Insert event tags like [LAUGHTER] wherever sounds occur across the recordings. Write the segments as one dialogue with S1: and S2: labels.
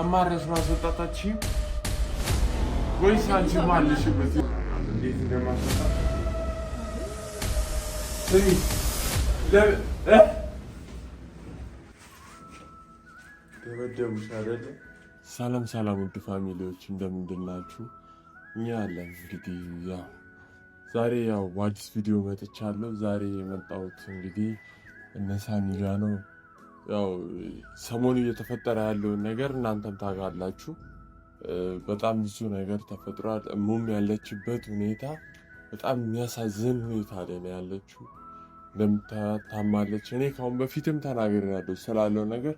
S1: አማራጭ ማስወጣታችሁ ወይስ አንቺ ማለሽበት እንዴት እንደማስወጣ ደበደቡሽ አይደለ? ሰላም ሰላም፣ ውድ ፋሚሊዎች እንደምንድን ናችሁ? እኛ ያለን እንግዲህ ያው ዛሬ ያው በአዲስ ቪዲዮ መጥቻለሁ። ዛሬ የመጣሁት እንግዲህ እነ ሳሚ ጋ ነው። ያው ሰሞኑ እየተፈጠረ ያለውን ነገር እናንተም ታውቃላችሁ። በጣም ብዙ ነገር ተፈጥሯል። እሙም ያለችበት ሁኔታ በጣም የሚያሳዝን ሁኔታ ላይ ያለችው ታማለች። እኔ ካሁን በፊትም ተናግሬያለሁ ስላለው ነገር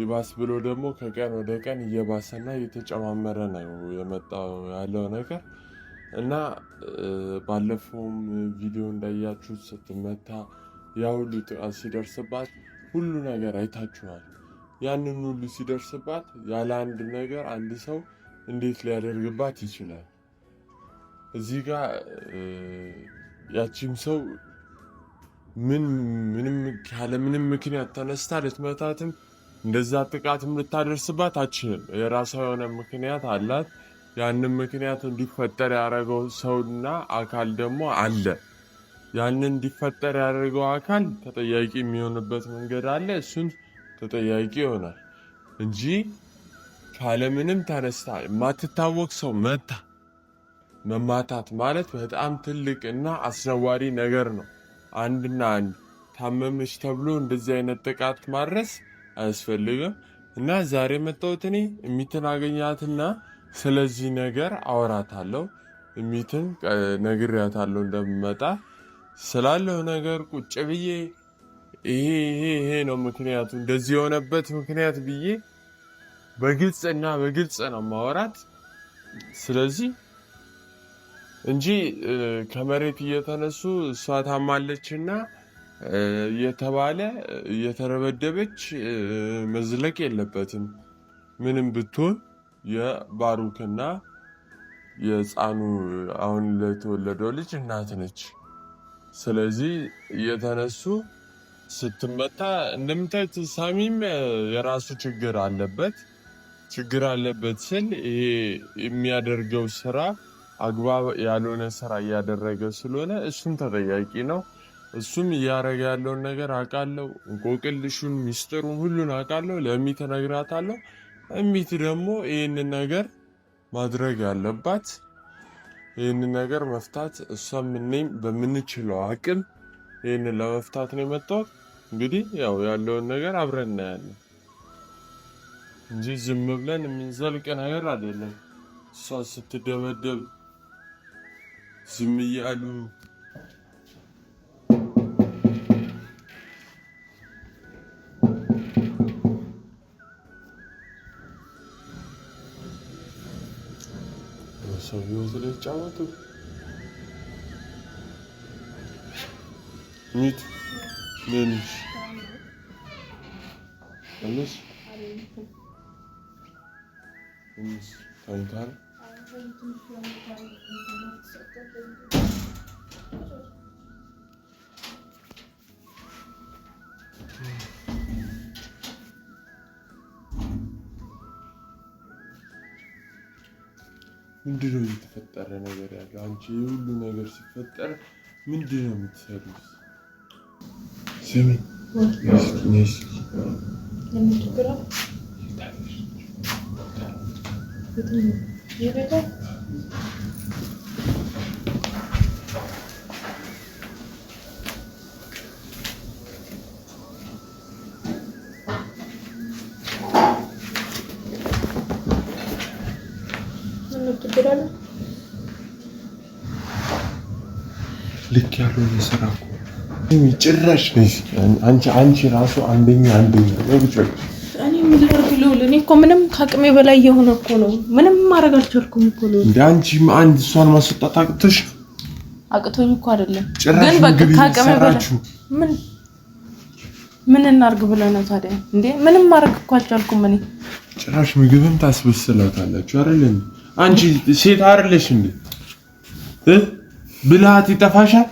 S1: ይባስ ብሎ ደግሞ ከቀን ወደ ቀን እየባሰና እየተጨማመረ ነው የመጣው ያለው ነገር እና ባለፈውም ቪዲዮ እንዳያችሁት ስትመታ ያ ሁሉ ጥቃት ሲደርስባት ሁሉ ነገር አይታችኋል። ያንን ሁሉ ሲደርስባት ያለ አንድ ነገር አንድ ሰው እንዴት ሊያደርግባት ይችላል? እዚህ ጋር ያቺም ሰው ምን ምንም ያለ ምንም ምክንያት ተነስታ ልትመታትም እንደዛ ጥቃትም ልታደርስባት አችልም። የራሷ የሆነ ምክንያት አላት። ያንም ምክንያት እንዲፈጠር ያደረገው ሰውና አካል ደግሞ አለ። ያንን እንዲፈጠር ያደረገው አካል ተጠያቂ የሚሆንበት መንገድ አለ። እሱን ተጠያቂ ይሆናል እንጂ ካለምንም ተነስታ የማትታወቅ ሰው መታ መማታት ማለት በጣም ትልቅ እና አስነዋሪ ነገር ነው። አንድና አንድ ታመመች ተብሎ እንደዚህ አይነት ጥቃት ማድረስ አያስፈልግም እና ዛሬ መጣሁት እኔ እሚትን አገኛትና ስለዚህ ነገር አወራታለሁ። እሚትን ነግሬያታለሁ እንደምመጣ ስላለው ነገር ቁጭ ብዬ ይሄ ይሄ ይሄ ነው ምክንያቱ እንደዚህ የሆነበት ምክንያት ብዬ በግልጽ እና በግልጽ ነው ማወራት። ስለዚህ እንጂ ከመሬት እየተነሱ እሷ ታማለች እና እየተባለ እየተረበደበች መዝለቅ የለበትም። ምንም ብትሆን የባሩክና የህፃኑ አሁን ለተወለደው ልጅ እናት ነች። ስለዚህ እየተነሱ ስትመታ እንደምታዩት ሳሚም የራሱ ችግር አለበት። ችግር አለበት ስል ይሄ የሚያደርገው ስራ አግባብ ያልሆነ ስራ እያደረገ ስለሆነ እሱም ተጠያቂ ነው። እሱም እያደረገ ያለውን ነገር አውቃለሁ። እንቆቅልሹን፣ ሚስጥሩን፣ ሁሉን አውቃለሁ። ለሚት እነግራታለሁ። እሚት ደግሞ ይህንን ነገር ማድረግ አለባት። ይህንን ነገር መፍታት እሷም ምንም በምንችለው አቅም ይህንን ለመፍታት ነው የመጣሁት። እንግዲህ ያው ያለውን ነገር አብረን እናያለን እንጂ ዝም ብለን የምንዘልቅ ነገር አይደለም። እሷ ስትደበደብ ዝም እያሉ çalmadım. Ümit. Dönmüş. Yanlış. Yanlış. Kayıtar. Hmm. ምንድነው የተፈጠረ ነገር ያለው? አንቺ የሁሉ ነገር ሲፈጠር ምንድነው የምትሰሩት? ስሚኝ ስ ልክ ያለው የስራ ጭራሽ አንቺ አንቺ ራሱ አንደኛ አንደኛ
S2: እኔ እኮ ምንም ከአቅሜ በላይ የሆነ እኮ ነው። ምንም ማድረግ አልቻልኩም እኮ
S1: ነው። እንደ አንቺ አንድ እሷን ማስወጣት አቅቶሽ
S2: አቅቶኝ እኮ አይደለም፣
S1: ግን በቃ ከአቅሜ በላይ ምን
S2: ምን እናርግ ብለህ ነው ታዲያ? እንዴ ምንም ማድረግ እኮ አልቻልኩም እኔ።
S1: ጭራሽ ምግብም ታስበስላታላችሁ አይደል? አንቺ ሴት አይደለሽ እንዴ? ብልሃት ይጠፋሻል።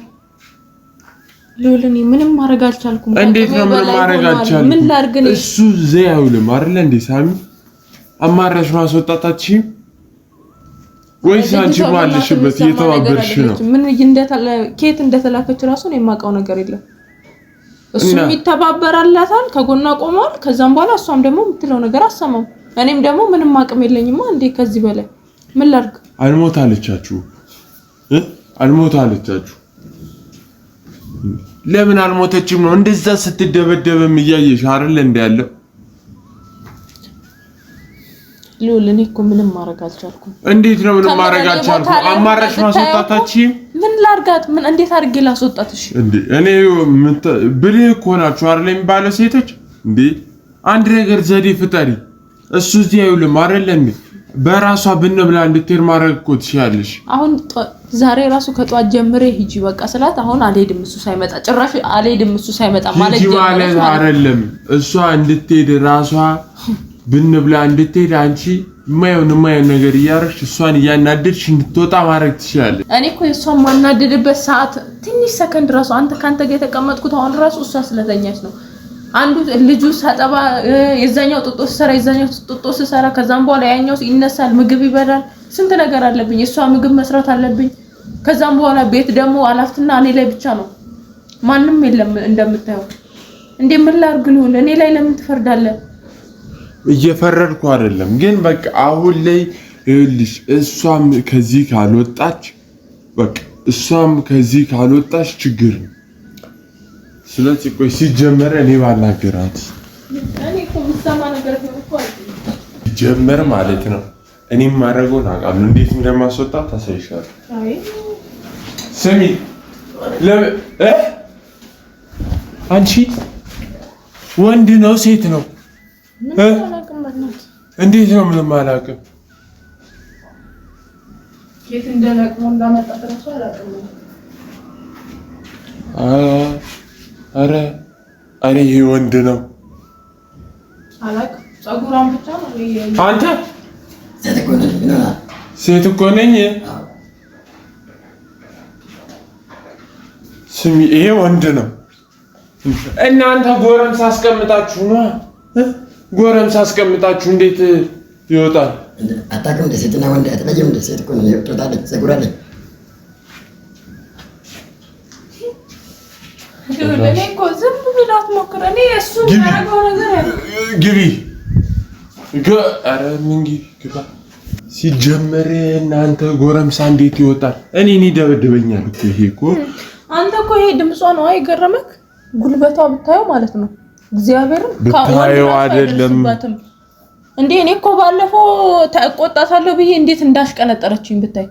S2: ልውል ምንም ማድረግ አልቻልኩም።
S1: እንዴት ነው ምንም ማድረግ አልቻልኩም? ምን ላድርግ? እሱ ዘይ አይውልም አይደለ እንዴ? ሳሚ አማራሽ ማስወጣታችን ወይስ አንቺ ባለሽበት እየተባበርሽ
S2: ነው? ምን ኬት እንደተላከች ራሱ ነው የማውቀው ነገር የለም። እሱም ይተባበራላታል፣ ከጎኗ ቆሟል። ከዛም በኋላ እሷም ደግሞ የምትለው ነገር አሰማም። እኔም ደግሞ ምንም አቅም የለኝማ እንዴ ከዚህ በላይ ምን ላድርግ?
S1: አልሞት አለቻችሁ አልሞት አለቻችሁ። ለምን አልሞተችም ነው? እንደዛ ስትደበደበም እያየሽ አይደል እንደ ያለው
S2: ልዑል እኔ እኮ ምንም ማድረግ አልቻልኩም።
S1: እንዴት ነው ምንም ማድረግ አልቻልኩም? አማራጭ ማስወጣታች
S2: ምን ላርጋት? ምን እንዴት አድርጌ ላስወጣት? እሺ
S1: እንዴ እኔ ብልህ እኮ ናችሁ አይደል የሚባለው ሴቶች። እንዴ አንድ ነገር ዘዴ ፍጠሪ። እሱ እዚህ አይውልም አይደል እንዴ በራሷ ብን ብላ እንድትሄድ ማድረግ እኮ ትችያለሽ።
S2: አሁን ዛሬ ራሱ ከጧት ጀምሬ ሂጂ በቃ ስላት አሁን አልሄድም እሱ ሳይመጣ ጭራሽ አልሄድም እሱ ሳይመጣ
S1: ማለት ማለት አይደለም። እሷ እንድትሄድ ራሷ ብን ብላ እንድትሄድ አንቺ የማየውን የማየውን ነገር እያረግሽ እሷን እያናደድሽ እንድትወጣ ማድረግ ትችላለች።
S2: እኔ እኮ የእሷን ማናደድበት ሰዓት ትንሽ ሰከንድ ራሱ አንተ ከአንተ ጋር የተቀመጥኩት አሁን ራሱ እሷ ስለተኛች ነው አንዱ ልጁ ሳጠባ የዛኛው ጥጦ ስሰራ የዛኛው ጥጦ ስሰራ፣ ከዛም በኋላ ያኛው ይነሳል፣ ምግብ ይበላል። ስንት ነገር አለብኝ። እሷ ምግብ መስራት አለብኝ። ከዛም በኋላ ቤት ደግሞ አላፍትና እኔ ላይ ብቻ ነው፣ ማንም የለም። እንደምታየው እንዴ ምን ላርግ ልሁን? እኔ ላይ ለምን ትፈርዳለህ?
S1: እየፈረድኩ አይደለም፣ ግን በቃ አሁን ላይ ይኸውልሽ፣ እሷም ከዚህ ካልወጣች በቃ እሷም ከዚህ ካልወጣች ችግር ነው ስለዚህ ቆይ ሲጀመር እኔ ባናገራት ሲጀመር ማለት ነው። እኔም ማድረገውን አውቃለሁ። እንዴት እንደማስወጣት ታሳይሻለሁ። ስሚ አንቺ ወንድ ነው ሴት ነው? እንዴት ነው ምንም አላውቅም።
S2: ሴት እንደለቅሞ እንዳመጣ
S1: አረ አረ ይሄ ወንድ ነው። አንተ
S3: ሴት እኮ ነኝ።
S1: ስሚ ይሄ ወንድ ነው። እናንተ ጎረም ሳስቀምጣችሁ ነው ጎረም ሳስቀምጣችሁ እንዴት ይወጣል?
S3: አታውቅም። ሴትና ወንድ አትለይም። ሴት እኮ ነው ትወጣለች፣ ጸጉራለች
S1: ግቢ ኧረ ምን ግባ። ሲጀመር እናንተ ጎረምሳ እንዴት ይወጣል? እኔ እኔ ደበደበኛል እኮ ይሄ እኮ
S2: አንተ እኮ ይሄ ድምጿ ነው አይገረመክ? ጉልበቷ ብታየው ማለት ነው እግዚአብሔርም
S1: ብታየው አይደለም
S2: እንዴ እኔ እኮ ባለፈው ተቆጣታለሁ ብዬ እንዴት እንዳሽቀነጠረችኝ ብታይ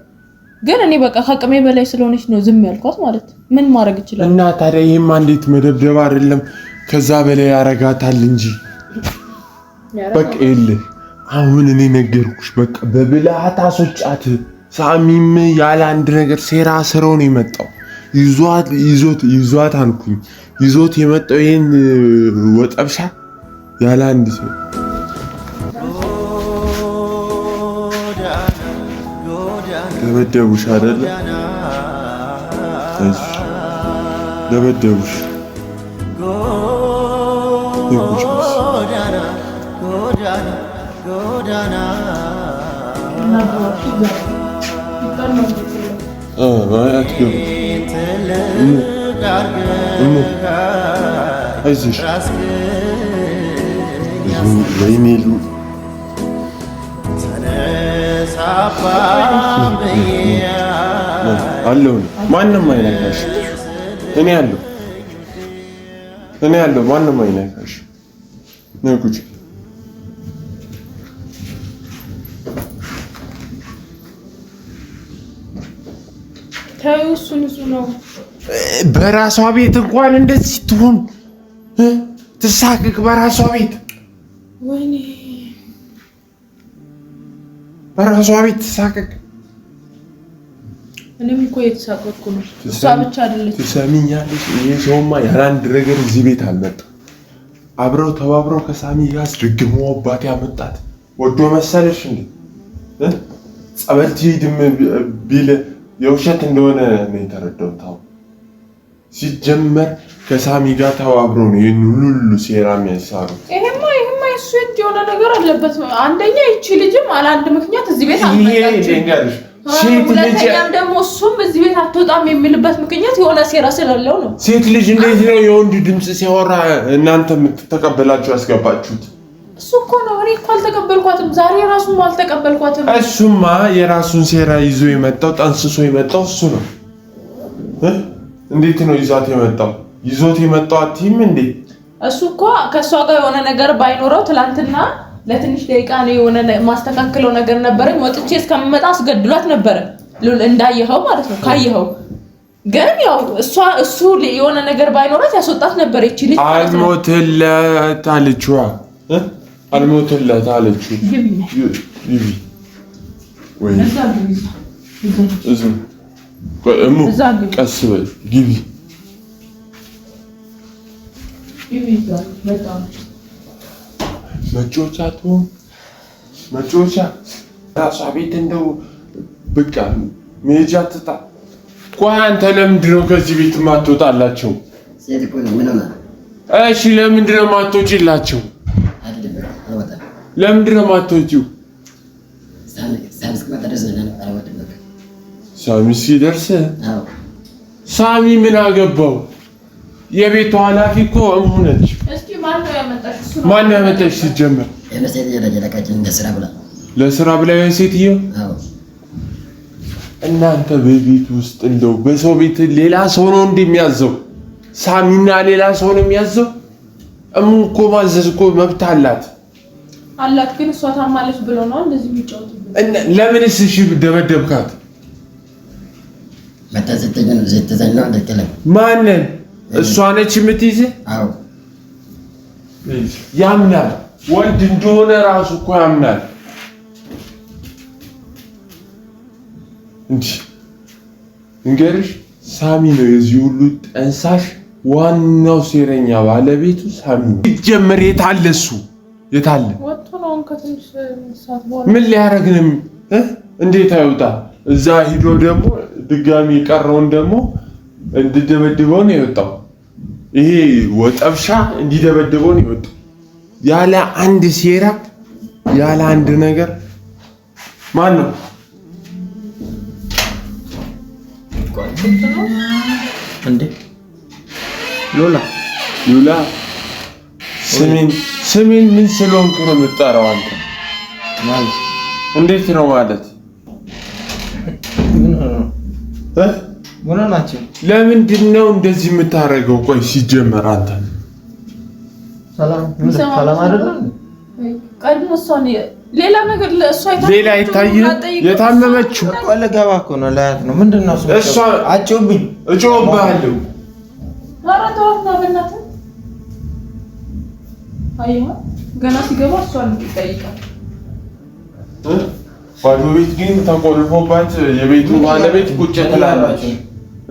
S2: ግን እኔ በቃ ከአቅሜ በላይ ስለሆነች ነው ዝም ያልኳት ማለት ምን ማድረግ ይችላል።
S1: እና ታዲያ ይህም እንዴት መደብደብ አይደለም ከዛ በላይ ያረጋታል እንጂ በቃ የለ አሁን እኔ ነገርኩሽ። በቃ በብልሃት አስወጫት። ሳሚም ያለ አንድ ነገር ሴራ ስረው ነው የመጣው። ይዟት ይዞት ይዟት አልኩኝ ይዞት የመጣው ይህን ወጠብሻ ያለ አንድ ሰው ደበደቡሽ አይደለ? ደበደቡሽ አይዞሽ ወይኔ አለሁ ማንም አይነካሽ። እኔ አለሁ እኔ አለሁ ማንም አይነካሽ። ነይ ቁጭ። በራሷ ቤት እንኳን እንደዚህ ትሆን ትሳቅቅ። በራሷ ቤት ወይኔ ራሷ ቤት ተሳቀቅ።
S2: እኔም እኮ የተሳቀቅኩ ነው። እሷ ብቻ አይደለች።
S1: ትሰሚኛለሽ? ይሄ ሰውማ ያለ ነገር እዚህ ቤት አልመጣም። አብረው ተባብረው ከሳሚ ጋር ደግመውባት ያመጣት ወዶ መሰለሽ እንዴ? ጸበል ትሄድም ቢል የውሸት እንደሆነ ነው የተረዳሁት። ሲጀመር ከሳሚ ጋር ተባብረው ነው ይህን ሁሉ ሴራ የሚያሳሩት።
S2: እሱ እጅ የሆነ ነገር አለበት። አንደኛ ይቺ ልጅም አለ ምክንያት እዚህ ቤት ሁለተኛም ደግሞ እሱም እዚህ ቤት አትወጣም የሚልበት ምክንያት የሆነ ሴራ ስላለው
S1: ነው። ሴት ልጅ እንዴት ነው የወንድ ድምፅ ሲያወራ እናንተ የምትተቀበላችሁ ያስገባችሁት?
S2: እሱ እኮ ነው። እኔ እኮ አልተቀበልኳትም፣ ዛሬ ራሱ አልተቀበልኳትም።
S1: እሱማ የራሱን ሴራ ይዞ የመጣው ጠንስሶ የመጣው እሱ ነው። እንዴት ነው ይዛት የመጣው ይዞት የመጣው አትይም እንዴ
S2: እሱ እኮ ከእሷ ጋር የሆነ ነገር ባይኖረው ትላንትና ለትንሽ ደቂቃ ነው የሆነ ማስተካከለው ነገር ነበረኝ። ወጥቼ እስከምመጣ አስገድሏት ነበረ እንዳየኸው ማለት ነው ካየኸው። ግን ያው እሷ እሱ የሆነ ነገር ባይኖራት ያስወጣት ነበር። ይቺ
S1: ልጅ አልሞትለት አለችዋ፣ አልሞትለት አለችው። እዛ ግቢ መጫወቻ ትሆን መጫወቻ ራሷ ቤት እንደው በቃ መሄጃ ትታ ቆይ አንተ ለምንድን ነው ከዚህ ቤት ማትወጣላቸው? እሺ ለምንድን ነው ማትወጪላቸው? ለምንድን ነው ማትወጪው? ሳሚ ሲደርስ ሳሚ ምን አገባው? የቤቱ ኃላፊ እኮ እሙ ነች። ማነው ያመጣሽ? ሲጀመር ለስራ ብላ ይሆን ሴትዮ። እናንተ በቤት ውስጥ እንደው በሰው ቤት ሌላ ሰው ነው እንደሚያዘው ሳሚና ሌላ ሰው ነው የሚያዘው። እሙ እኮ ማዘዝ እኮ መብት አላት
S2: አላት። ግን እሷ ታማለች ብሎ ነው እንደዚህ
S1: የሚጫወት። ለምንስ እሺ ደበደብካት? ማንን እሷ ነች አዎ ያምናል፣ ወንድ እንደሆነ ራሱ እኮ ያምናል። እንዲህ እንገርሽ ሳሚ ነው የዚህ ሁሉ ጠንሳሽ። ዋናው ሴረኛ ባለቤቱ ሳሚ ነው። ይጀምር የታለ እሱ የታለ? ምን ሊያረግንም እንዴት አይውጣ? እዛ ሂዶ ደግሞ ድጋሚ የቀረውን ደግሞ እንድደበድበው ነው የወጣው። ይሄ ወጠብሻ እንዲደበድበው ነው የወጡ ያለ አንድ ሴራ ያለ አንድ ነገር ማን ነው
S3: እንዴ? ሎላ
S1: ሎላ ስሜን ስሜን ምን ስለሆንኩ ነው የምጠራው? አንተ ማለት እንዴት ነው ማለት ለምንድን ነው እንደዚህ የምታደርገው? ቆይ ሲጀመር አንተ
S2: ሌላ ነገር ለእሷ
S1: ሌላ የታመመችው ለገባ እኮ ነው ላያት ነው ምንድን ነው እሷ አጭውብኝ እጮባለሁ
S2: ገና ሲገባ እሷ ይጠይቃል።
S1: ባዶ ቤት ግን ተቆልፎባት የቤቱ ባለቤት ቁጭ ትላላችሁ።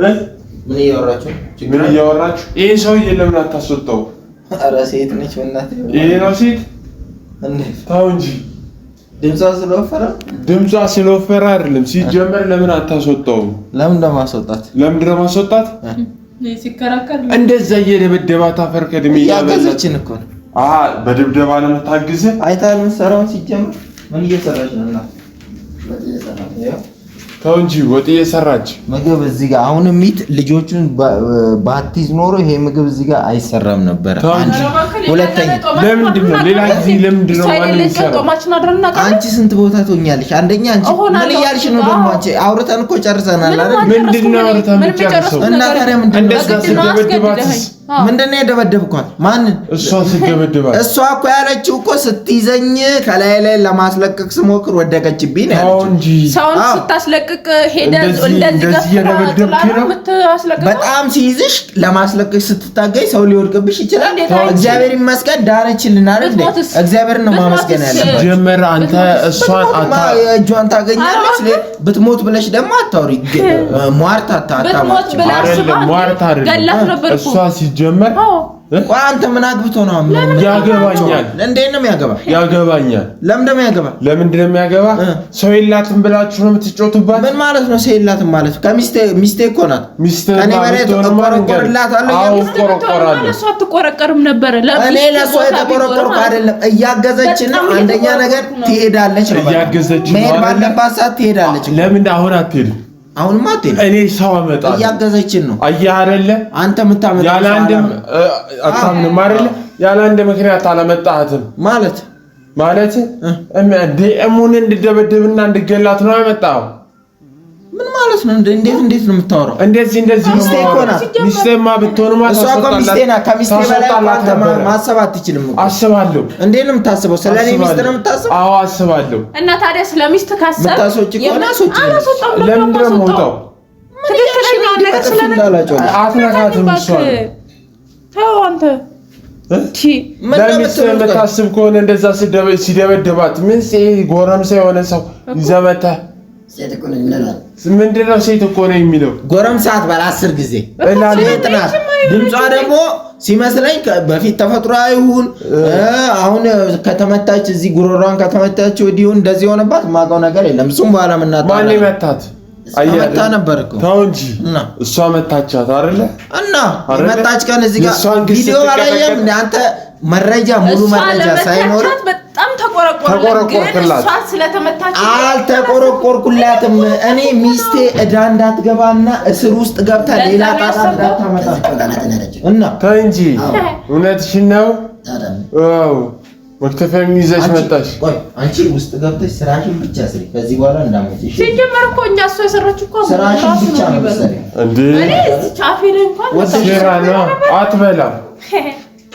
S1: ምን እያወራችሁ ምን እያወራችሁ? ይሄ ሰውዬ ለምን አታስወጣው?
S3: ኧረ ሴት ነች በእናትህ።
S1: ይሄ ነው ሴት ታው እንጂ
S3: ድምጿ ስለወፈረ
S1: ድምጿ ስለወፈረ አይደለም። ሲጀመር ለምን አታስወጣውም?
S3: ለምን ለማስወጣት
S1: ለምን ለማስወጣት እንደዛ እየደበደባ ታፈር ከድሜ
S3: ያገዘችን እኮ ነው።
S1: አሃ በድብደባ ለምታግዝ
S3: አይታል ምን ሰራውን ምን እየሰራች ነው እናት
S1: ተው እንጂ ወጥ እየሰራች
S3: ምግብ እዚህ ጋር አሁን ሚት ልጆቹን ባቲዝ ኖሮ ይሄ ምግብ እዚህ ጋር አይሰራም ነበር። አንቺ ሁለተኛ
S1: ለምንድን ነው ሌላ ጊዜ ለምንድን ነው
S3: አንቺ ስንት ቦታ ትሆኛለሽ? አንደኛ አንቺ ምን እያልሽ ነው ደግሞ? አንቺ አውርተን እኮ ጨርሰናል
S1: አይደል? ምንድን ነው አውርተን ብቻ እና ታዲያ ምንድን ነው እንደዛ ስትደበድባትስ
S3: ምንድን ነው የደበደብኳት? ማንን?
S1: እሷ ስትደበደባት
S3: እሷ እኮ ያለችው እኮ ስትይዘኝ ከላይ ላይ ለማስለቀቅ ስሞክር ወደቀችብኝ
S1: ያለችው እንጂ
S2: ሰውን ስታስለቅቅ ሄደህ
S3: በጣም ሲይዝሽ ለማስለቀቅ ስትታገኝ ሰው ሊወድቅብሽ ይችላል። እግዚአብሔር ይመስገን ዳነችልን አይደል? እግዚአብሔር ነው ማመስገን
S1: ያለበት። ጀመር አንተ እሷን
S3: እጇን ታገኛለች። ብትሞት ብለሽ ደግሞ አታውሪ። [LAUGHS] ሟርት
S2: አታማች
S1: ሟርት አይደለም ሲጀመር
S3: አንተ ምን አግብቶ ነው?
S1: ያገባኛል።
S3: እንዴት ነው የሚያገባ?
S1: ያገባኛል።
S3: ለምንድን ነው የሚያገባ?
S1: ለምንድን ነው የሚያገባ? ሰው የላትም ብላችሁ ነው የምትጮቱባት?
S3: ምን ማለት ነው? ሰው የላትም ማለት ከሚስቴ ሚስቴ እኮ ናት። ሚስቴ እኔ ማለት እቆረቆርላታለሁ።
S2: እሷ አትቆረቀርም ነበረ።
S3: እኔ ለእሷ የተቆረቆርኩ አይደለም። እያገዘች ነው። አንደኛ ነገር ትሄዳለች
S1: ነው። መሄድ
S3: ባለባት ሰዓት ትሄዳለች።
S1: ለምን አሁን አትሄድም? አሁንማ አትሄድም። እኔ ሰው አመጣ
S3: እያገዘችን
S1: ነው። አየህ አይደለ? አንተ የምታመጣው ያለ አንድ አታምንም አይደለ? ያለ አንድ ምክንያት አላመጣህትም ማለት ማለት ዲኤሙን እንድደበደብና እንድገላት ነው ያመጣኸው።
S3: ምን ማለት ነው? እንዴት እንዴት ነው የምታወራው?
S1: እንደዚህ እንደዚህ
S3: ነው የማወራው።
S1: ሚስቴማ ብትሆን
S3: ማለት ነው። እሷ ሚስቴ ናት። ከሚስቴ በላይ አንተ ማሰብ አትችልም
S1: እኮ። አስባለሁ።
S3: እንዴት ነው የምታስበው? ስለ እኔ ሚስት ነው የምታስበው?
S1: አዎ አስባለሁ።
S2: እና ታዲያ ስለ ሚስት ካሰብክ የምታስወጪ ከሆነ አስወጪ።
S1: ለምንድን ነው የምወጣው? ትክክለኛ ነገር ስለ አትነካትም። እሷን ተው አንተ ለሚስት የምታስብ ከሆነ እንደዛ ሲደበድባት ምን ጎረምሳ የሆነ ሰው ይዘህ መተህ ነው ሴት እኮ ነው የሚለው።
S3: ጎረምሳት በል አስር ጊዜ ሴት ናት። ድምጿ ደግሞ ሲመስለኝ በፊት ተፈጥሮ አይሁን አሁን ከተመታች እዚህ ጉሮሯን ከተመታች ወዲሁ እንደዚህ የሆነባት ማውቀው ነገር የለም። እሱም በኋላ
S1: ምናት ማን መታት?
S3: መታ ነበር እኮ
S1: ተው እንጂ እሷ መታቻት አይደለ?
S3: እና መታች ቀን እዚህ ጋር ቪዲዮ አላየም አንተ መረጃ ሙሉ መረጃ
S2: ሳይኖር
S1: ተቆረቆርክላት?
S3: አልተቆረቆርኩላትም። እኔ ሚስቴ ዕዳ እንዳትገባና እስር ውስጥ ገብታ ሌላ ጣጣ እንዳታመጣ
S1: እና ተይ እንጂ እውነትሽን ነው። መክተፊያ የሚይዘሽ መጣሽ።
S3: አንቺ ውስጥ ገብተሽ ስራሽን ብቻ ስሪ። ከዚህ በኋላ እንዳመጪሽ
S2: ሲጀመር እኮ እኛ እሷ የሰራችው
S3: እኮ ስራሽን ብቻ ነው።
S1: አትበላም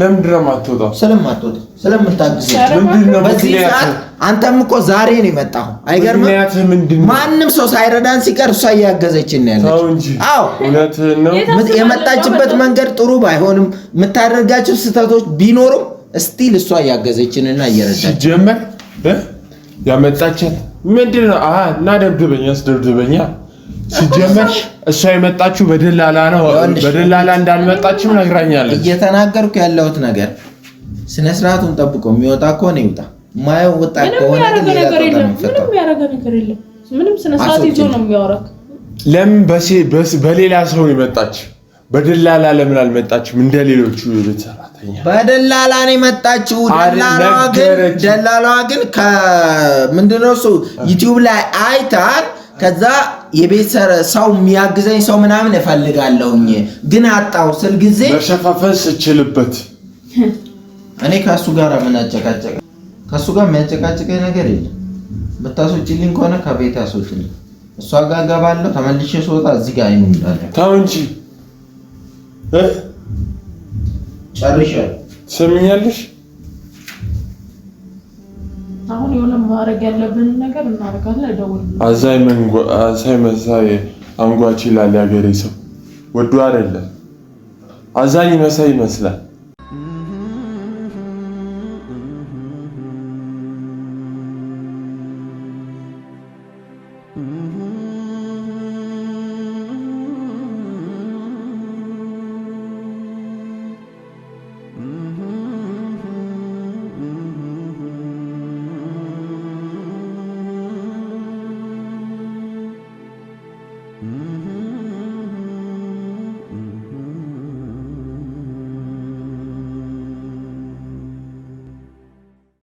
S1: ለምንድን ነው የማትወጣው?
S3: ስለማትወጣ ስለምታግዝ። በዚህ ሰዓት አንተም እኮ ዛሬ ነው የመጣው።
S1: አይገርምም?
S3: ማንም ሰው ሳይረዳን ሲቀር እሷ እያገዘችን ያለች። አዎ የመጣችበት መንገድ ጥሩ ባይሆንም የምታደርጋቸው ስህተቶች ቢኖሩም እስቲል እሷ እያገዘችንና
S1: እየረዳችን ጀመር ያመጣችን ምንድነው? ነው እና ደብድበኛ፣ አስደብድበኛ ሲጀመር እሷ የመጣችው በደላላ ነው። በደላላ እንዳልመጣችም ነግራኛለች።
S3: እየተናገርኩ ያለሁት ነገር ስነ ስርዓቱን ጠብቆ የሚወጣ ከሆነ ይውጣ። ማየው ወጣ
S2: ከሆነ ምንም ስነ ነገር የለም። ነው
S1: ለምን በሌላ ሰው የመጣች በደላላ ለምን አልመጣችም? እንደ ሌሎቹ የቤት ሰራተኛ
S3: በደላላ ነው የመጣችው። ደላላዋ ግን ግን ከምንድነው እሱ ዩቲዩብ ላይ አይታል ከዛ የቤት ሰው የሚያግዘኝ ሰው ምናምን እፈልጋለሁኝ ግን አጣው ስል ጊዜ
S1: መሸፋፈን ስችልበት
S3: እኔ ከሱ ጋር ምን አጨቃጨቀ? ከሱ ጋር የሚያጨቃጨቀኝ ነገር የለም። ብታስወጪልኝ ከሆነ ከቤት አስወጪልኝ። እሷ ጋር እገባለሁ። ተመልሼ ስወጣ እዚህ ጋር አይኑ እንዳለ ተው እንጂ ጨርሻለሁ።
S1: ትሰምኛለሽ?
S2: አሁን የሆነ ማድረግ ያለብን ነገር እናደርጋለን።
S1: እደውልልኝ። አዛኝ መሳይ አንጓች ይላል ያገሬ ሰው ወዶ አይደለም አዛኝ መሳይ ይመስላል።